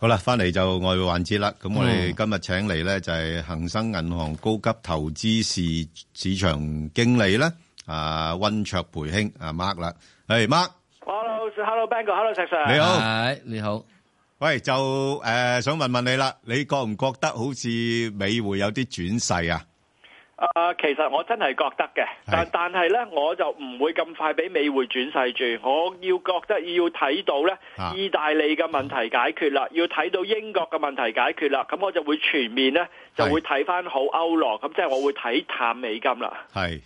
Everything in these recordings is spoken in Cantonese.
好啦，翻嚟就外匯環節啦。咁我哋今日請嚟咧就係恆生銀行高級投資市市場經理咧，啊溫灼培兄啊 Mark 啦，誒 Mark，Hello，Hello，Banker，Hello，Sir，你好，係你好，喂，就誒想問問你啦，你覺唔覺得好似美匯有啲轉勢啊？啊、uh，其實我真係覺得嘅，但但係呢，我就唔會咁快俾美匯轉勢住，我要覺得要睇到呢，啊、意大利嘅問題解決啦，啊，要睇到英國嘅問題解決啦，咁我就會全面呢，就會睇翻好歐羅，咁即係我會睇淡美金啦。係。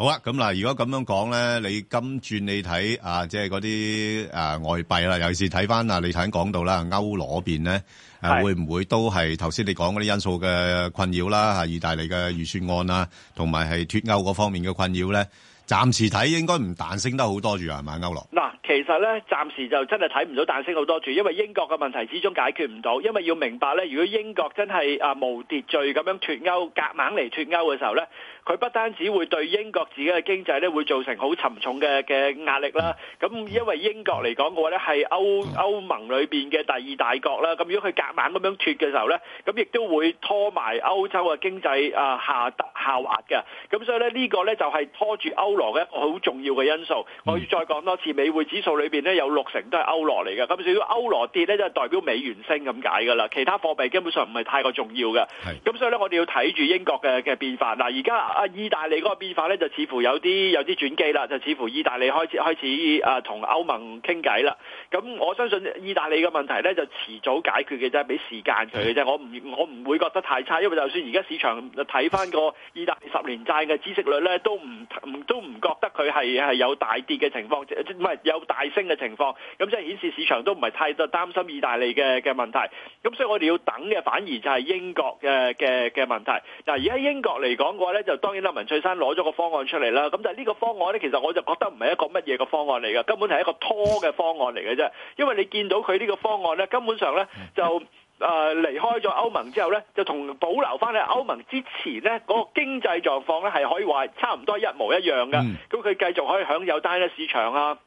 好啊，咁嗱，如果咁樣講咧，你今轉你睇啊，即係嗰啲誒外幣啦，尤其是睇返啊，你頭先講到啦，歐羅嗰邊咧誒，會唔會都係頭先你講嗰啲因素嘅困擾啦？啊，意大利嘅預算案啊，同埋係脱歐嗰方面嘅困擾咧？暫時睇應該唔彈升得好多住係嘛歐羅？嗱，其實咧暫時就真係睇唔到彈升好多住，因為英國嘅問題始終解決唔到。因為要明白咧，如果英國真係啊無秩序咁樣脱歐，夾硬嚟脱歐嘅時候咧，佢不單止會對英國自己嘅經濟咧會造成好沉重嘅嘅壓力啦。咁因為英國嚟講嘅話咧係歐歐盟裏面嘅第二大國啦。咁如果佢夾硬咁樣脱嘅時候咧，咁亦都會拖埋歐洲嘅經濟啊下效額嘅，咁所以咧呢個呢，這個、就係拖住歐羅嘅一個好重要嘅因素。我要再講多次，美匯指數裏面呢，有六成都係歐羅嚟嘅。咁至於歐羅跌呢，就代表美元升咁解㗎啦。其他貨幣根本上唔係太過重要嘅。係，咁所以呢，我哋要睇住英國嘅嘅變化。嗱，而家、啊、意大利嗰個變化呢，就似乎有啲有啲轉機啦，就似乎意大利開始開始啊同歐盟傾偈啦。咁我相信意大利嘅問題呢，就遲早解決嘅啫，俾時間佢嘅啫。我唔我唔會覺得太差，因為就算而家市場睇翻個。意大利十年債嘅孳息率咧，都唔唔都唔覺得佢係係有大跌嘅情況，唔係有大升嘅情況。咁即係顯示市場都唔係太多擔心意大利嘅嘅問題。咁所以我哋要等嘅反而就係英國嘅嘅嘅問題。嗱，而喺英國嚟講嘅話咧，就當然啦，文翠珊攞咗個方案出嚟啦。咁就呢個方案咧，其實我就覺得唔係一個乜嘢嘅方案嚟嘅，根本係一個拖嘅方案嚟嘅啫。因為你見到佢呢個方案咧，根本上咧就。誒、呃、離開咗歐盟之後呢，就同保留翻喺歐盟之前呢嗰、那個經濟狀況呢，係可以話差唔多一模一樣嘅。咁、嗯、佢繼續可以享有單一市場啊。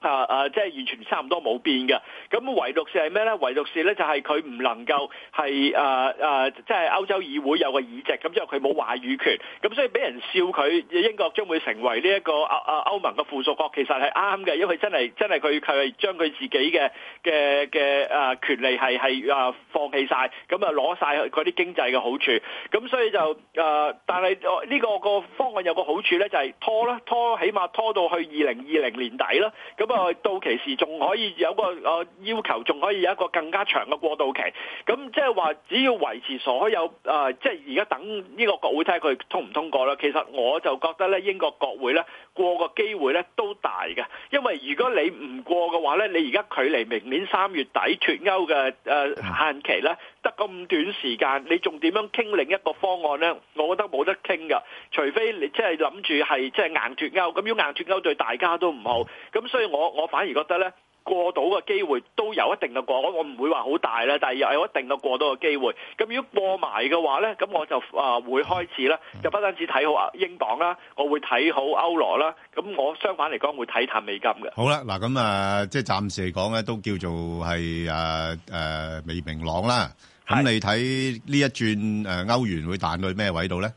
啊啊！即係完全差唔多冇變嘅。咁唯獨是係咩咧？唯獨是咧就係佢唔能夠係啊啊！即、啊、係、即係、歐洲議會有個議席，咁之後佢冇話語權。咁所以俾人笑佢英國將會成為呢一個啊啊歐盟嘅附屬國，其實係啱嘅，因為真係真係佢佢將佢自己嘅嘅嘅權利係、啊、放棄晒。咁啊攞曬佢啲經濟嘅好處。咁所以就啊，但係呢、個個方案有個好處咧，就係、是、拖啦，拖起碼拖到去二零二零年底啦。咁不過到期時仲可以有個啊要求，仲可以有一個更加長嘅過渡期。咁即係話，只要維持所有啊，即係而家等呢個國會睇下佢通唔通過啦。其實我就覺得咧，英國國會咧。過個機會咧都大嘅，因為如果你唔過嘅話咧，你而家距離明年三月底脱歐嘅誒限期咧，得咁短時間，你仲點樣傾另一個方案咧？我覺得冇得傾㗎，除非你即係諗住係即係硬脱歐，咁要硬脱歐對大家都唔好，咁所以我我反而覺得咧。過到嘅機會都有一定嘅過，我唔會話好大啦，但係有有一定嘅過到嘅機會。咁如果過埋嘅話咧，咁我就啊、呃、會開始啦，就不單止睇好英鎊啦，我會睇好歐羅啦。咁我相反嚟講會睇淡美金嘅。好啦，嗱咁啊，即係暫時嚟講咧，都叫做係啊誒未明朗啦。咁你睇呢一轉誒歐元會彈到咩位度咧？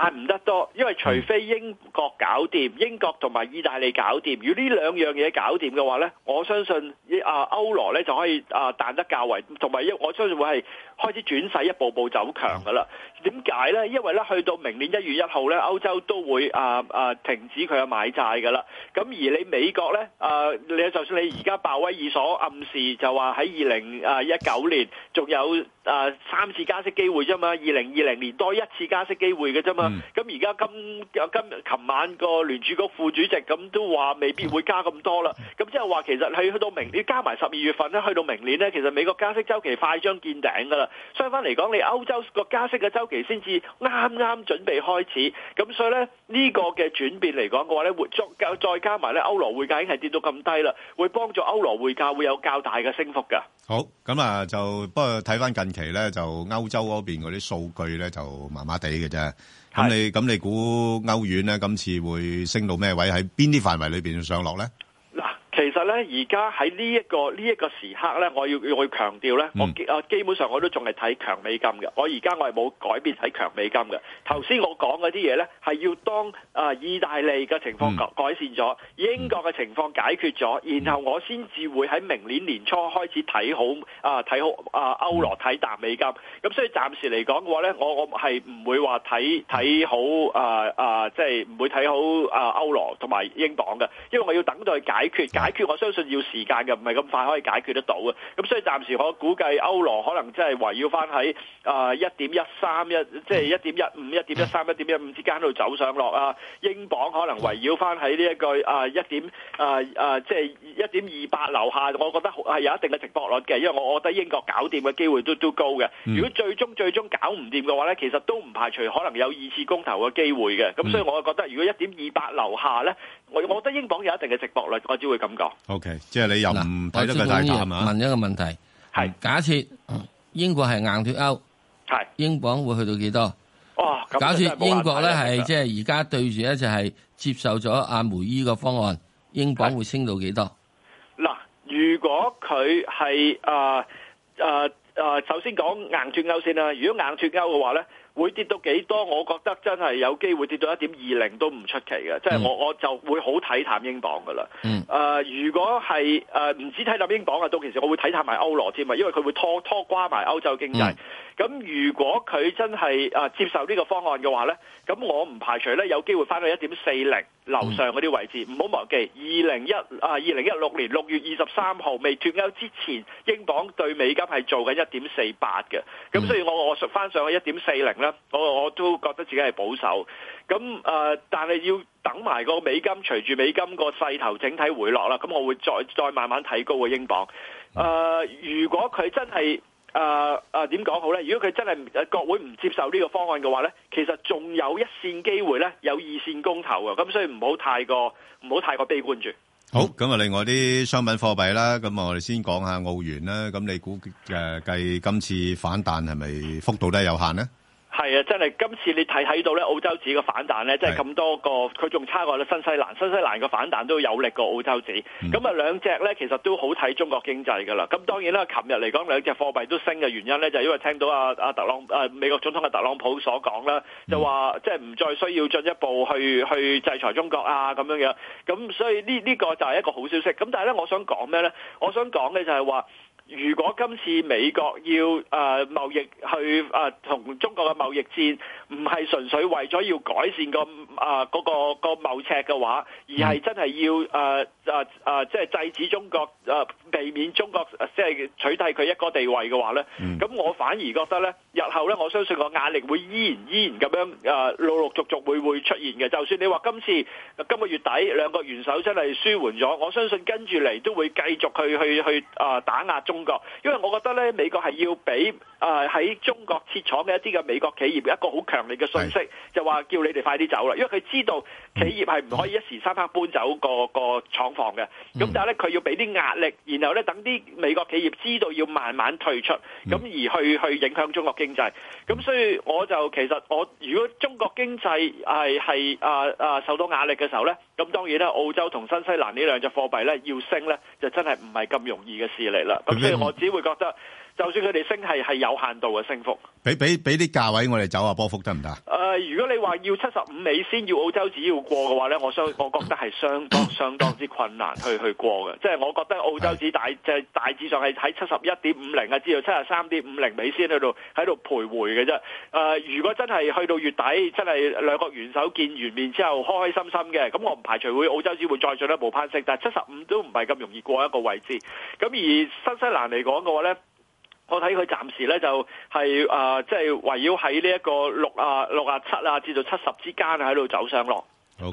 但唔得多，因為除非英國搞掂，英國同埋意大利搞掂，如果呢兩樣嘢搞掂嘅話咧，我相信啊歐羅咧就可以啊彈得較為，同埋一我相信會係開始轉勢，一步步走強噶啦。點解呢？因為咧，去到明年一月一號咧，歐洲都會啊啊停止佢嘅買債㗎啦。咁而你美國咧，啊你就算你而家鮑威爾所暗示就話喺二零啊一九年仲有啊三次加息機會啫嘛，二零二零年多一次加息機會嘅啫嘛。咁而家今今琴晚個聯儲局副主席咁都話未必會加咁多啦。咁即係話其實喺去到明年加埋十二月份咧，去到明年呢，其實美國加息週期快將見頂㗎啦。相反嚟講，你歐洲個加息嘅週期期先至啱啱準備開始，咁所以咧呢個嘅轉變嚟講嘅話咧，活足夠再加埋咧，歐羅匯價已經係跌到咁低啦，會幫助歐羅匯價會有較大嘅升幅噶。好，咁啊，就不過睇翻近期咧，就歐洲嗰邊嗰啲數據咧就麻麻地嘅啫。咁你咁你估歐元咧今次會升到咩位？喺邊啲範圍裏邊上落咧？其實咧，而家喺呢一個呢一個時刻咧，我要要去強調咧，我基啊、嗯、基本上我都仲係睇強美金嘅。我而家我係冇改變睇強美金嘅。頭先我講嗰啲嘢咧，係要當啊、呃、意大利嘅情況改，改善咗，英國嘅情況解決咗，然後我先至會喺明年年初開始睇好啊睇、呃、好啊歐羅睇淡美金。咁所以暫時嚟講嘅話咧，我我係唔會話睇睇好啊啊，即係唔會睇好啊歐羅同埋英鎊嘅，因為我要等待解決解決。解決。我相信要時間嘅，唔係咁快可以解決得到嘅。咁所以暫時我估計歐羅可能真係圍繞翻喺啊一點一三一，即係一點一五、一點一三、一點一五之間度走上落啊。英鎊可能圍繞翻喺呢一個啊一點、呃、啊，即係一點二八樓下。我覺得係有一定嘅直播率嘅，因為我覺得英國搞掂嘅機會都都高嘅。如果最終最終搞唔掂嘅話呢，其實都唔排除可能有二次公投嘅機會嘅。咁所以我覺得如果一點二八樓下呢，我我覺得英鎊有一定嘅值博率，我只會咁講。OK，即係你又唔睇得個大頭係嘛？問一個問題，係假設英國係硬脱歐，係英鎊會去到幾多？哇！假設英國咧係即係而家對住咧就係接受咗阿梅姨個方案，英鎊會升到幾多？嗱，如果佢係誒誒誒，首先講硬脱歐先啦。如果硬脱歐嘅話咧，會跌到幾多？我覺得真係有機會跌到一點二零都唔出奇嘅，嗯，即係我我就會好睇淡英鎊嘅啦。誒、嗯呃，如果係誒唔止睇淡英鎊啊，到其時我會睇淡埋歐羅添啊，因為佢會拖拖瓜埋歐洲經濟。咁、嗯、如果佢真係誒、呃、接受呢個方案嘅話呢，咁我唔排除呢有機會翻去一點四零。樓上嗰啲位置唔好忘記，二零一啊二零一六年六月二十三號未脫歐之前，英鎊對美金係做緊一點四八嘅，咁所以我我翻上去一點四零啦，我我，我都覺得自己係保守，咁誒、呃，但係要等埋個美金隨住美金個勢頭整體回落啦，咁我會再再慢慢睇高個英鎊，誒、呃，如果佢真係。誒、呃、誒，點講好咧？如果佢真係誒，國會唔接受呢個方案嘅話咧，其實仲有一線機會咧，有二線公投啊！咁所以唔好太過唔好太過悲觀住。好，咁啊，另外啲商品貨幣啦，咁我哋先講下澳元啦。咁你估誒計今次反彈係咪幅度都係有限咧？係啊，真係今次你睇睇到咧，澳洲紙嘅反彈咧，即係咁多個，佢仲差過咧新西蘭，新西蘭嘅反彈都有力過澳洲紙。咁、嗯、啊兩隻咧，其實都好睇中國經濟㗎啦。咁當然啦，琴日嚟講兩隻貨幣都升嘅原因咧，就係、因為聽到阿、啊、阿、啊、特朗普、啊，美國總統嘅特朗普所講啦，就話即係唔再需要進一步去去制裁中國啊咁樣樣。咁所以呢呢、呢個就係一個好消息。咁但係咧，我想講咩咧？我想講嘅就係話。如果今次美國要誒貿易去誒同中國嘅貿易戰，唔係純粹為咗要改善個啊嗰、呃、個個貿赤嘅話，而係真係要誒誒誒，即係制止中國誒、呃，避免中國、呃、即係取代佢一個地位嘅話咧。咁、嗯、我反而覺得咧，日後咧，我相信個壓力會依然依然咁樣誒，陸陸續續會會出現嘅。就算你話今次、呃、今個月底兩個元首真係舒緩咗，我相信跟住嚟都會繼續去去去啊、呃、打壓中國，因為我覺得咧，美國係要俾誒喺中國設廠嘅一啲嘅美國企業一個好強。強烈嘅信息就話叫你哋快啲走啦，因為佢知道企業係唔可以一時三刻搬走個個廠房嘅。咁、嗯、但係咧，佢要俾啲壓力，然後咧等啲美國企業知道要慢慢退出，咁而去去影響中國經濟。咁所以我就其實我如果中國經濟係係啊啊受到壓力嘅時候咧，咁當然咧澳洲同新西蘭呢兩隻貨幣咧要升咧，就真係唔係咁容易嘅事嚟啦。咁所以我只會覺得。就算佢哋升係係有限度嘅升幅，俾俾俾啲價位，我哋走下波幅得唔得？誒、呃，如果你話要七十五美先要澳洲紙要過嘅話咧，我相我覺得係相當 相當之困難去去過嘅。即係我覺得澳洲紙大 大致上係喺七十一點五零啊，至到七十三點五零美先喺度喺度徘徊嘅啫。誒、呃，如果真係去到月底，真係兩國元首見完面之後開開心心嘅，咁我唔排除會澳洲紙會再進一步攀升，但係七十五都唔係咁容易過一個位置。咁而新西蘭嚟講嘅話咧。我睇佢暫時咧就係啊，即係圍繞喺呢一個六啊六啊七啊至到七十之間喺度走上落，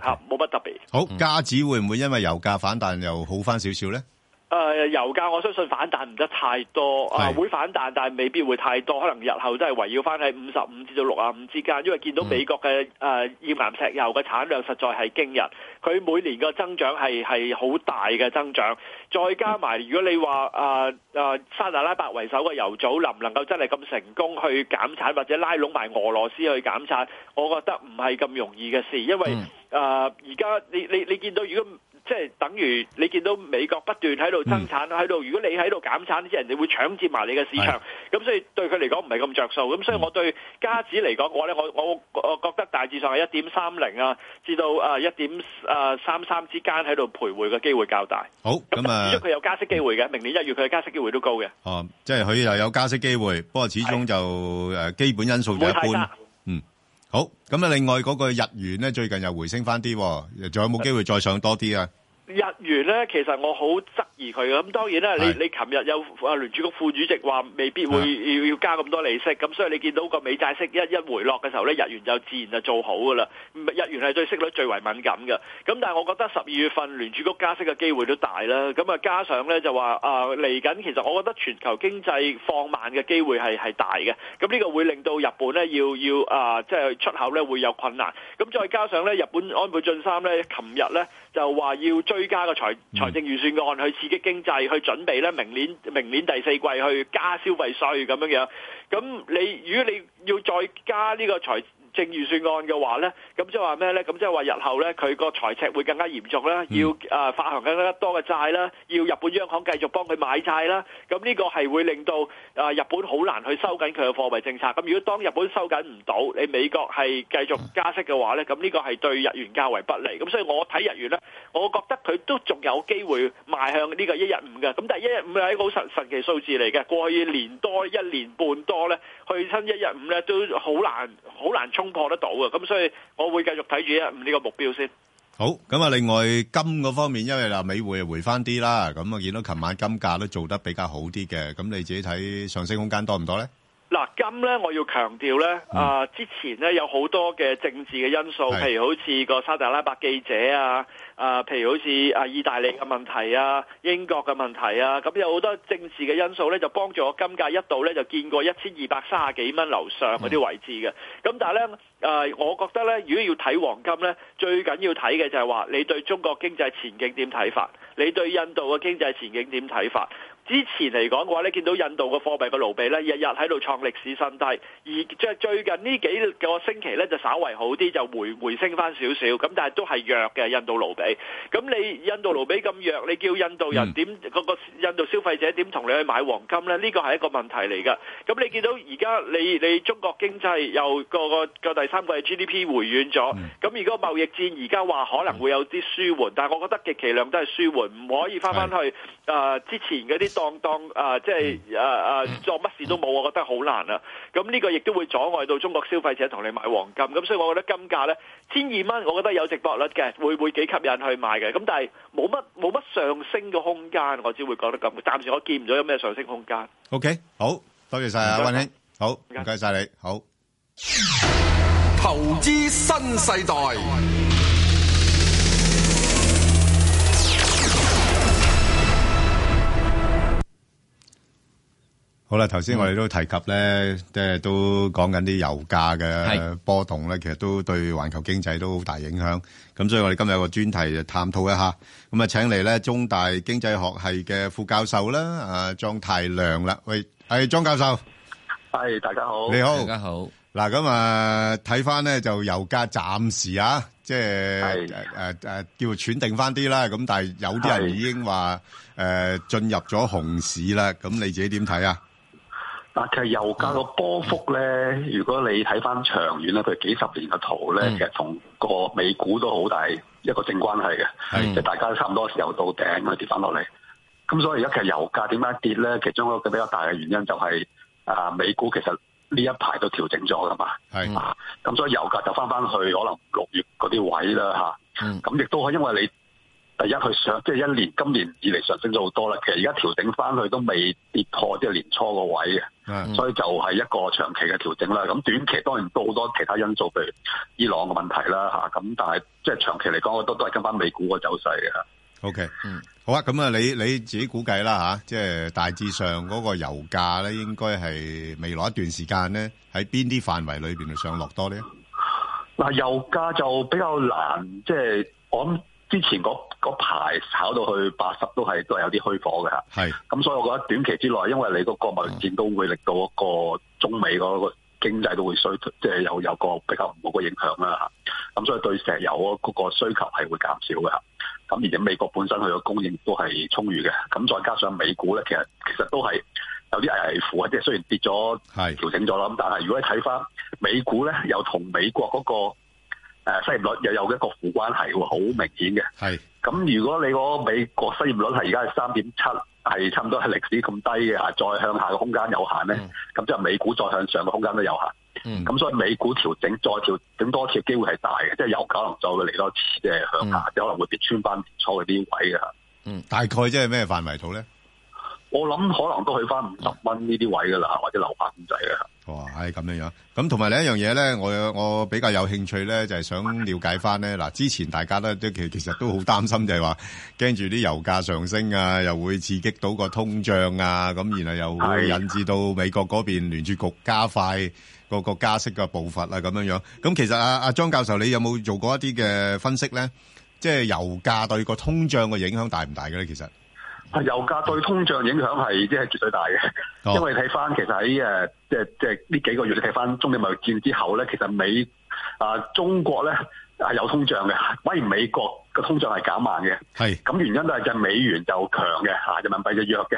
好冇乜特別。好，加指會唔會因為油價反彈又好返少少咧？誒、呃、油價我相信反彈唔得太多，係、呃、會反彈，但未必會太多。可能日後都係圍繞翻喺五十五至到六十五之間，因為見到美國嘅誒頁岩石油嘅產量實在係驚人，佢每年嘅增長係係好大嘅增長。再加埋如果你話誒誒沙特阿拉伯為首嘅油組能唔能夠真係咁成功去減產或者拉攏埋俄羅斯去減產，我覺得唔係咁容易嘅事，因為誒而家你你你見到如果。即係等於你見到美國不斷喺度增產，喺、嗯、度如果你喺度減產，啲人會搶佔你會搶佔埋你嘅市場。咁、啊、所以對佢嚟講唔係咁着數。咁、嗯、所以我對加紙嚟講我咧，我呢我我，我覺得大致上係一點三零啊，至到啊一點三三之間喺度徘徊嘅機會較大。好咁啊，佢、嗯、有加息機會嘅、嗯，明年一月佢嘅加息機會都高嘅。哦，即係佢又有加息機會，不過始終就、啊、基本因素就一般。好，咁啊，另外嗰個日元咧，最近又回升翻啲，仲有冇機會再上多啲啊？日元咧，其實我好而佢咁當然啦，你你琴日有啊聯儲局副主席話未必會要要加咁多利息，咁所以你見到個美債息一一回落嘅時候咧，日元就自然就做好噶啦。日元係對息率最為敏感嘅，咁但係我覺得十二月份聯儲局加息嘅機會都大啦。咁啊加上咧就話啊嚟緊，其實我覺得全球經濟放慢嘅機會係係大嘅。咁呢個會令到日本咧要要啊即係出口咧會有困難。咁再加上咧日本安倍晉三咧，琴日咧就話要追加個財財政預算案去。刺激經濟去準備咧，明年明年第四季去加消費稅咁樣樣，咁你如果你要再加呢個財。正預算案嘅話就呢，咁即係話咩呢？咁即係話日後呢，佢個財赤會更加嚴重啦，要啊、呃、發行更加多嘅債啦，要日本央行繼續幫佢買債啦。咁呢個係會令到啊、呃、日本好難去收緊佢嘅貨幣政策。咁如果當日本收緊唔到，你美國係繼續加息嘅話呢，咁呢個係對日元較為不利。咁所以我睇日元呢，我覺得佢都仲有機會邁向呢個一一五嘅。咁但係一一五係一個神神奇數字嚟嘅，過去年多、一年半多呢，去親一一五呢都好難、好難衝。突破得到啊，咁所以我會繼續睇住啊呢個目標先。好，咁啊，另外金嗰方面，因為嗱，美匯回翻啲啦，咁啊，見到琴晚金價都做得比較好啲嘅，咁你自己睇上升空間多唔多咧？嗱，今咧我要強調咧，啊之前咧有好多嘅政治嘅因素，譬如好似個沙特阿拉伯記者啊，啊譬如好似啊意大利嘅問題啊，英國嘅問題啊，咁有好多政治嘅因素咧，就幫助我金價一度咧就見過一千二百三十幾蚊樓上嗰啲位置嘅。咁但係咧，啊，我覺得咧，如果要睇黃金咧，最緊要睇嘅就係話你對中國經濟前景點睇法，你對印度嘅經濟前景點睇法？之前嚟講嘅話咧，見到印度嘅貨幣嘅盧比咧，日日喺度創歷史新低，而即係最近呢幾個星期咧，就稍微好啲，就回回升翻少少，咁但係都係弱嘅印度盧比。咁你印度盧比咁弱，你叫印度人點個個印度消費者點同你去買黃金咧？呢個係一個問題嚟㗎。咁你見到而家你你中國經濟又個個個第三季嘅 GDP 回軟咗，咁如果貿易戰而家話可能會有啲舒緩，但係我覺得極其量都係舒緩，唔可以翻翻去、呃、之前嗰啲。當當啊，即係啊啊，做乜事都冇，我覺得好難啊。咁呢個亦都會阻礙到中國消費者同你買黃金。咁所以我覺得金價呢千二蚊，我覺得有值博率嘅，會唔會幾吸引去買嘅？咁但係冇乜冇乜上升嘅空間，我只會覺得咁。暫時我見唔到有咩上升空間。OK，好多謝晒啊，溫兄，好唔該晒你，好。投資新世代。好啦，頭先我哋都提及咧，即係都講緊啲油價嘅波動咧，其實都對環球經濟都好大影響。咁所以我哋今日有個專題就探討一下。咁啊，請嚟，咧中大經濟學系嘅副教授啦，啊莊太亮啦。喂，係莊教授。係，大家好。你好，大家好。嗱，咁啊，睇翻咧就油價暫時啊，即係誒誒，叫喘定翻啲啦。咁但係有啲人已經話誒進入咗熊市啦。咁你自己點睇啊？其實油價個波幅咧，如果你睇翻長遠咧，佢幾十年嘅圖咧、嗯，其實同個美股都好大一個正關係嘅，即、嗯就係、大家都差唔多時候到頂，佢跌翻落嚟。咁所以而家其實油價點解跌咧？其中一個比較大嘅原因就係、係、啊，美股其實呢一排都調整咗㗎嘛、嗯。啊，咁所以油價就翻翻去可能六月嗰啲位啦吓，咁亦都係因為你。第一，佢上即係、就是、一年，今年以嚟上升咗好多啦。其實而家調整翻去都未跌破啲、就是、年初個位嘅、嗯，所以就係一個長期嘅調整啦。咁短期當然都好多其他因素，譬如伊朗嘅問題啦吓。咁、啊、但係即係長期嚟講，都都係跟翻美股個走勢嘅。O、okay, K，、嗯、好啊。咁啊，你你自己估計啦吓，即、啊、係、就是、大致上嗰個油價咧，應該係未來一段時間咧，喺邊啲範圍裏邊上落多呢？嗱，油價就比較難，即、就、係、是、我諗。之前嗰排炒到去八十都係都係有啲虛火嘅嚇，咁所以我覺得短期之內，因為你嗰個貿易戰都會令到一個中美嗰個經濟都會衰，即係有有一個比較唔好嘅影響啦嚇。咁所以對石油嗰個需求係會減少嘅嚇。咁而且美國本身佢嘅供應都係充裕嘅，咁再加上美股咧，其實其實都係有啲危危乎啊，即係雖然跌咗調整咗啦，咁但係如果你睇翻美股咧，又同美國嗰個。誒、啊，失業率又有一個負關係好明顯嘅。係咁，如果你嗰個美國失業率係而家係三點七，係差唔多係歷史咁低嘅，再向下嘅空間有限咧，咁即係美股再向上嘅空間都有限。嗯，咁所以美股調整再調整多次嘅機會係大嘅，即、就、係、是、有可能再嚟多次嘅、就是、向下，即、嗯、可能會跌穿翻年初嗰啲位嘅。嗯，大概即係咩範圍度咧？我諗可能都去翻五十蚊呢啲位噶啦，或者留翻咁滯㗎哇係咁樣樣。咁同埋另一樣嘢咧，我我比較有興趣咧，就係、是、想了解翻咧。嗱，之前大家都其其實都好擔心就，就係話驚住啲油價上升啊，又會刺激到個通脹啊，咁然後又會引致到美國嗰邊聯儲局加快嗰個加息嘅步伐啦、啊，咁樣樣。咁其實阿阿莊教授，你有冇做過一啲嘅分析咧？即、就、係、是、油價對個通脹嘅影響大唔大嘅咧？其實？油價對通脹影響係即係絕對大嘅，oh. 因為睇翻其實喺誒即係即係呢幾個月你睇翻中美貿易戰之後咧，其實美啊中國咧係有通脹嘅，反而美國嘅通脹係減慢嘅。係咁原因都係即係美元就強嘅，啊人民幣就弱嘅。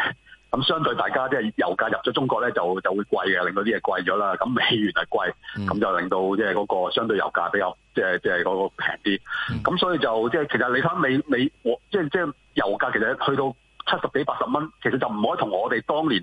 咁相對大家即係、就是、油價入咗中國咧，就就會貴嘅，令到啲嘢貴咗啦。咁美元係貴，咁、mm. 就令到即係嗰個相對油價比較即係即係嗰個平啲。咁、mm. 所以就即係、就是、其實你睇翻美美即係即係油價其實去到。七十幾八十蚊，其實就唔可以同我哋當年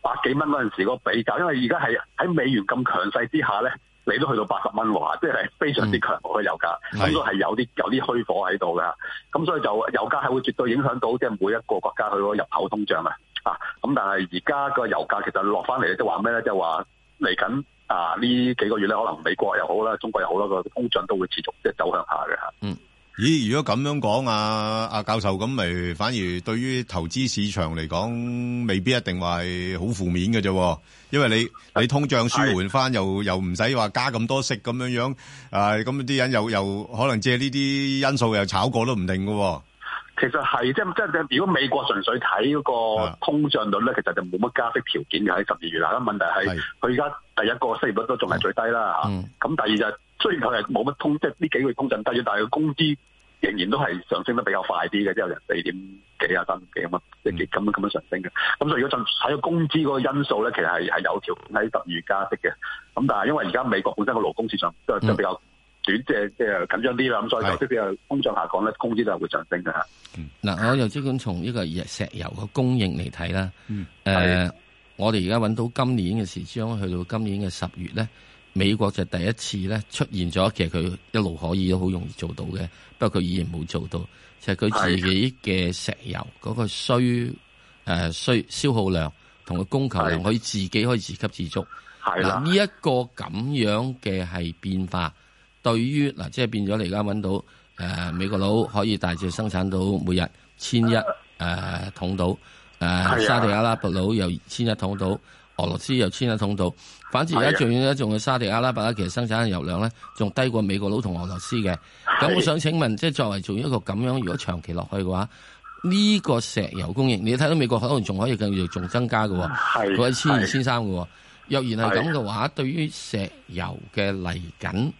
百幾蚊嗰陣時個比較，因為而家係喺美元咁強勢之下咧，你都去到八十蚊喎，即係非常之強嘅油價，嗯，應該係有啲有啲虛火喺度㗎。咁所以就油價係會絕對影響到即係每一個國家佢個入口通脹啊，啊，咁但係而家個油價其實落翻嚟都話咩咧？就話嚟緊啊呢幾個月咧，可能美國又好啦，中國又好啦，個通脹都會持續即係走向下嘅嚇。咦，如果咁樣講啊，阿教授咁，咪反而對於投資市場嚟講，未必一定話係好負面嘅啫。因為你你通脹舒緩翻，又又唔使話加咁多息咁樣樣，啊，咁啲人又又可能借呢啲因素又炒過都唔定喎。其實係，即、即、即、係、如果美國純粹睇嗰個通脹率咧，其實就冇乜加息條件嘅喺十二月啦。咁、咁、問題係，佢而家第一個失業率都仲係最低啦。吓、嗯，咁第二就是。雖然佢係冇乜通，即係呢幾個月通脹低咗，但係個工資仍然都係上升得比較快啲嘅，即係人四點幾啊，三點幾咁啊，即係咁咁樣上升嘅。咁、嗯、所以如果就睇個工資嗰個因素咧，其實係係有調喺十二月加息嘅。咁但係因為而家美國本身個勞工市場都係比較短，即係即係緊張啲啦。咁所以即使譬如通脹下降咧，工資都係會上升嘅。嗱、嗯嗯嗯嗯嗯，我又即管從呢個石油個供應嚟睇啦。誒，我哋而家揾到今年嘅時將去到今年嘅十月咧。.美國就第一次咧，出現咗，其實佢一路可以都好容易做到嘅，不過佢依然冇做到。其實佢自己嘅石油嗰、嗰個需誒需消耗量同佢供求量，佢自己可以自給自足。係啦，呢一個咁樣嘅係變化，對於嗱、呃，即係變咗你而家揾到、呃、美國佬可以大致生產到每日千一桶到、呃、沙地阿拉伯佬、佬又千一桶到。俄羅斯又千一通道，反正而家仲要咧仲係沙地阿拉伯咧，其實生產嘅油量咧仲低過美國佬同俄羅斯嘅。咁我想請問，即係作為做一個咁樣，如果長期落去嘅話，呢、呢個石油供應，你睇到美國可能仲可以繼續仲增加嘅，可以千二千三嘅。若然係咁嘅話，對於石油嘅嚟緊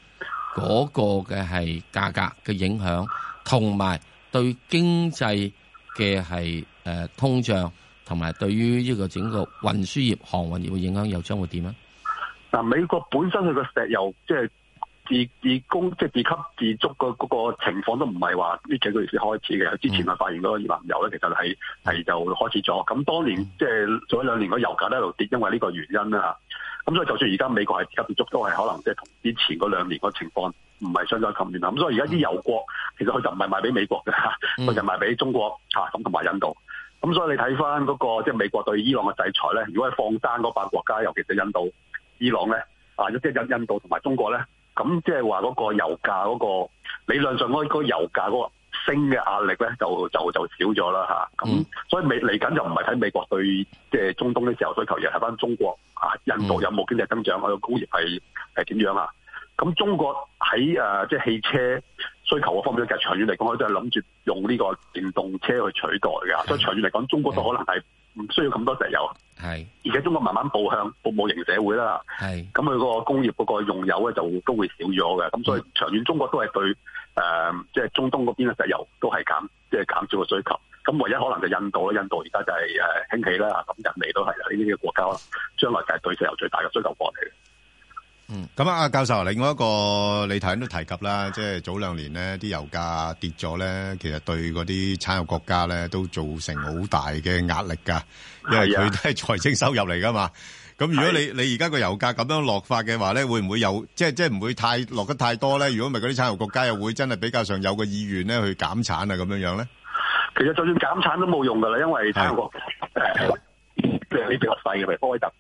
嗰個嘅係價格嘅影響，同埋對經濟嘅係誒通脹。同埋，對於呢個整個運輸業、航運業嘅影響又將會點呢？嗱，美國本身佢個石油即係自自供，即係自，自，自給自足，嗰個情況都唔係話呢幾個月先開始嘅，之前咪發現嗰個頁岩油咧，其實係係、嗯、就開始咗。咁當年即係做咗兩年個油價一路跌，因為呢個原因啦吓。咁所以就算而家美國係自給自足，都係可能即係同之前嗰兩年個情況唔係相差咁遠啦。咁所以而家啲油國、嗯、其實佢就唔係賣俾美國嘅吓，佢就賣俾中國吓，咁同埋印度。咁所以你睇返嗰個即係美國對伊朗嘅制裁呢，如果係放生嗰班國家，尤其係印度、伊朗呢，啊，即係印度同埋中國呢，咁即係話嗰個油價嗰個理論上嗰個油價嗰個升嘅壓力呢，就就就少咗啦吓。咁所以美嚟緊就唔係睇美國對即係中東啲石油需求，而係睇返中國、啊、印度有冇經濟增長，佢個工業係係點樣啊？咁中國喺呃即係汽車需求嗰方面，其實長遠嚟講，佢都係諗住用呢個電動車去取代嘅。所以長遠嚟講，中國都可能係唔需要咁多石油。係，而且中國慢慢步向服務型社會啦。咁佢個工業嗰個用油咧就都會少咗嘅。咁所以長遠中國都係對呃即係中東嗰邊嘅石油都係減，即係減少嘅需求。咁唯一可能就印度啦，印度而家就係興起啦。咁印尼都係啦，呢啲嘅國家啦，將來就係對石油最大嘅需求國嚟。咁、嗯、啊，阿教授，另外一個你頭先都提及啦，即係早兩年呢啲油價跌咗咧，其實對嗰啲產油國家咧都造成好大嘅壓力㗎，因為佢都係財政收入嚟㗎嘛。咁如果你你而家個油價咁樣落法嘅話咧，會唔會有即係即係唔會太落得太多咧？如果唔係，嗰啲產油國家又會真係比較上有個意願咧去減產啊咁樣樣咧？其實就算減產都冇用㗎啦，因為睇個誒，即係啲比較細嘅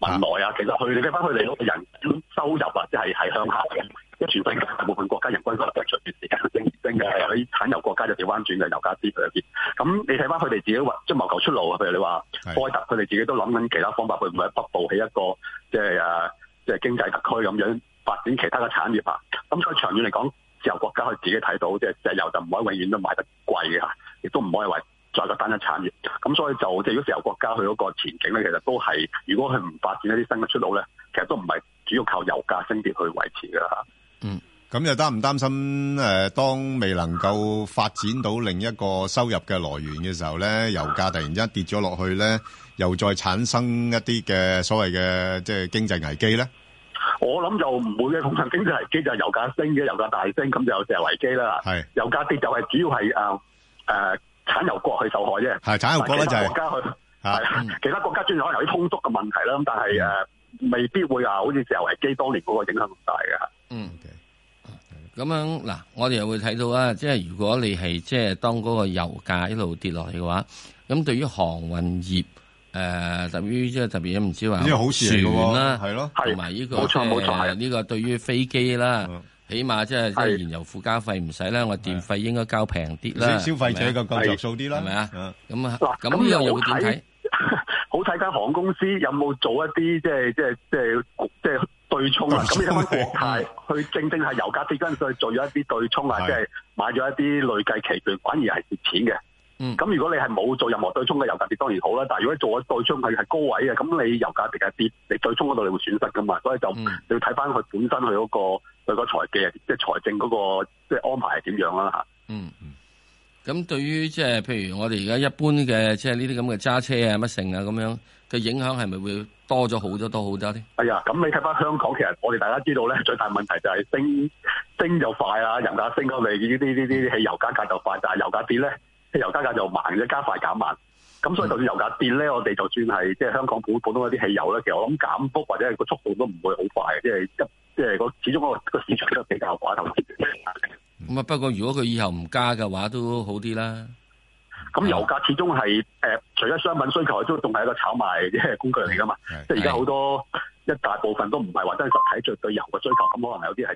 文萊啊，其實佢哋睇翻佢哋嗰個人收入啊，即係係鄉下嘅，即全世界大部分國家人均收入係隨住時間升升嘅，係啲產油國家就調、是、翻轉嘅，油價佢入啲。咁你睇翻佢哋自己揾即係謀求出路啊，譬如你話開特，佢哋自己都諗緊其他方法會唔會喺北部起一個即係、就是、啊即係經濟特區咁樣發展其他嘅產業啊。咁所以長遠嚟講，自由國家佢自己睇到即係石油就唔可以永遠都賣得貴嘅嚇，亦都唔可以話。再個單一產業，咁所以就即係如果石油國家去嗰個前景咧，其實都係如果佢唔發展一啲新嘅出路咧，其實都唔係主要靠油價升跌去維持㗎嚇。嗯，咁又擔唔擔心誒、呃，當未能夠發展到另一個收入嘅來源嘅時候咧，油價突然之間跌咗落去咧，又再產生一啲嘅所謂嘅即係經濟危機咧？我諗就唔會嘅，通常經濟危機就係油價升嘅，油價大升咁就石油危機啦。係油價跌就係主要係啊、呃呃產油國去受害啫，係產油國咧，就係、是、其他國家去，係其他國家專要可能有啲通縮嘅問題啦。咁、嗯、但係誒，未必會話好似石油危機當年嗰個影響咁大㗎。嗯、咁、okay. 樣嗱，我哋又會睇到啊，即係如果你係即係當嗰個油價一路跌落去嘅話，咁對於航運業誒，特于即係特別唔知話船啦，係咯，同埋呢個誒呢、呃呢個對於飛機啦。嗯起碼即係，即係燃油附加費唔使啦，我電費應該交平啲啦。消費者個個數啲啦，係咪啊？咁啊，咁又會點睇？好睇間航空公司有冇做一啲即係即係即係即係對沖啊？咁、嗯、你睇翻國泰，佢正正係油價跌緊，所以做咗一啲對沖啊，即係、就是、買咗一啲累計期權，反而係蝕錢嘅。咁、嗯、如果你係冇做任何對沖嘅油價跌，當然好啦。但係如果做咗對沖係係高位嘅，咁你油價突然跌，你對沖嗰度你會損失噶嘛。所以就你要睇翻佢本身佢嗰、那個。對個財政即係財政嗰個即係安排係點樣啦、啊、嚇？嗯，咁對於即係譬如我哋而家一般嘅即係呢啲咁嘅揸車啊乜成啊，咁樣嘅影響係咪會多咗好多了多好多啲？哎呀，咁你睇返香港，其實我哋大家知道咧，最大問題就係升升就快啊，油價升我哋呢啲呢啲汽油加價格就快，但係油價跌咧，汽油加價格就慢嘅，加快減慢。咁所以就算油價跌咧，我哋就算係即係香港普普通嗰啲汽油咧，其實我諗減幅或者係個速度都唔會好快，即係一。即係個始終個個市場都比較寡頭咁啊。不過如果佢以後唔加嘅話，都好啲啦。咁、嗯、油價始終係誒、呃，除咗商品需求，都仲係一個炒賣即工具嚟噶嘛。即係而家好多一大部分都唔係話真係實體著對油嘅需求，咁可能有啲係。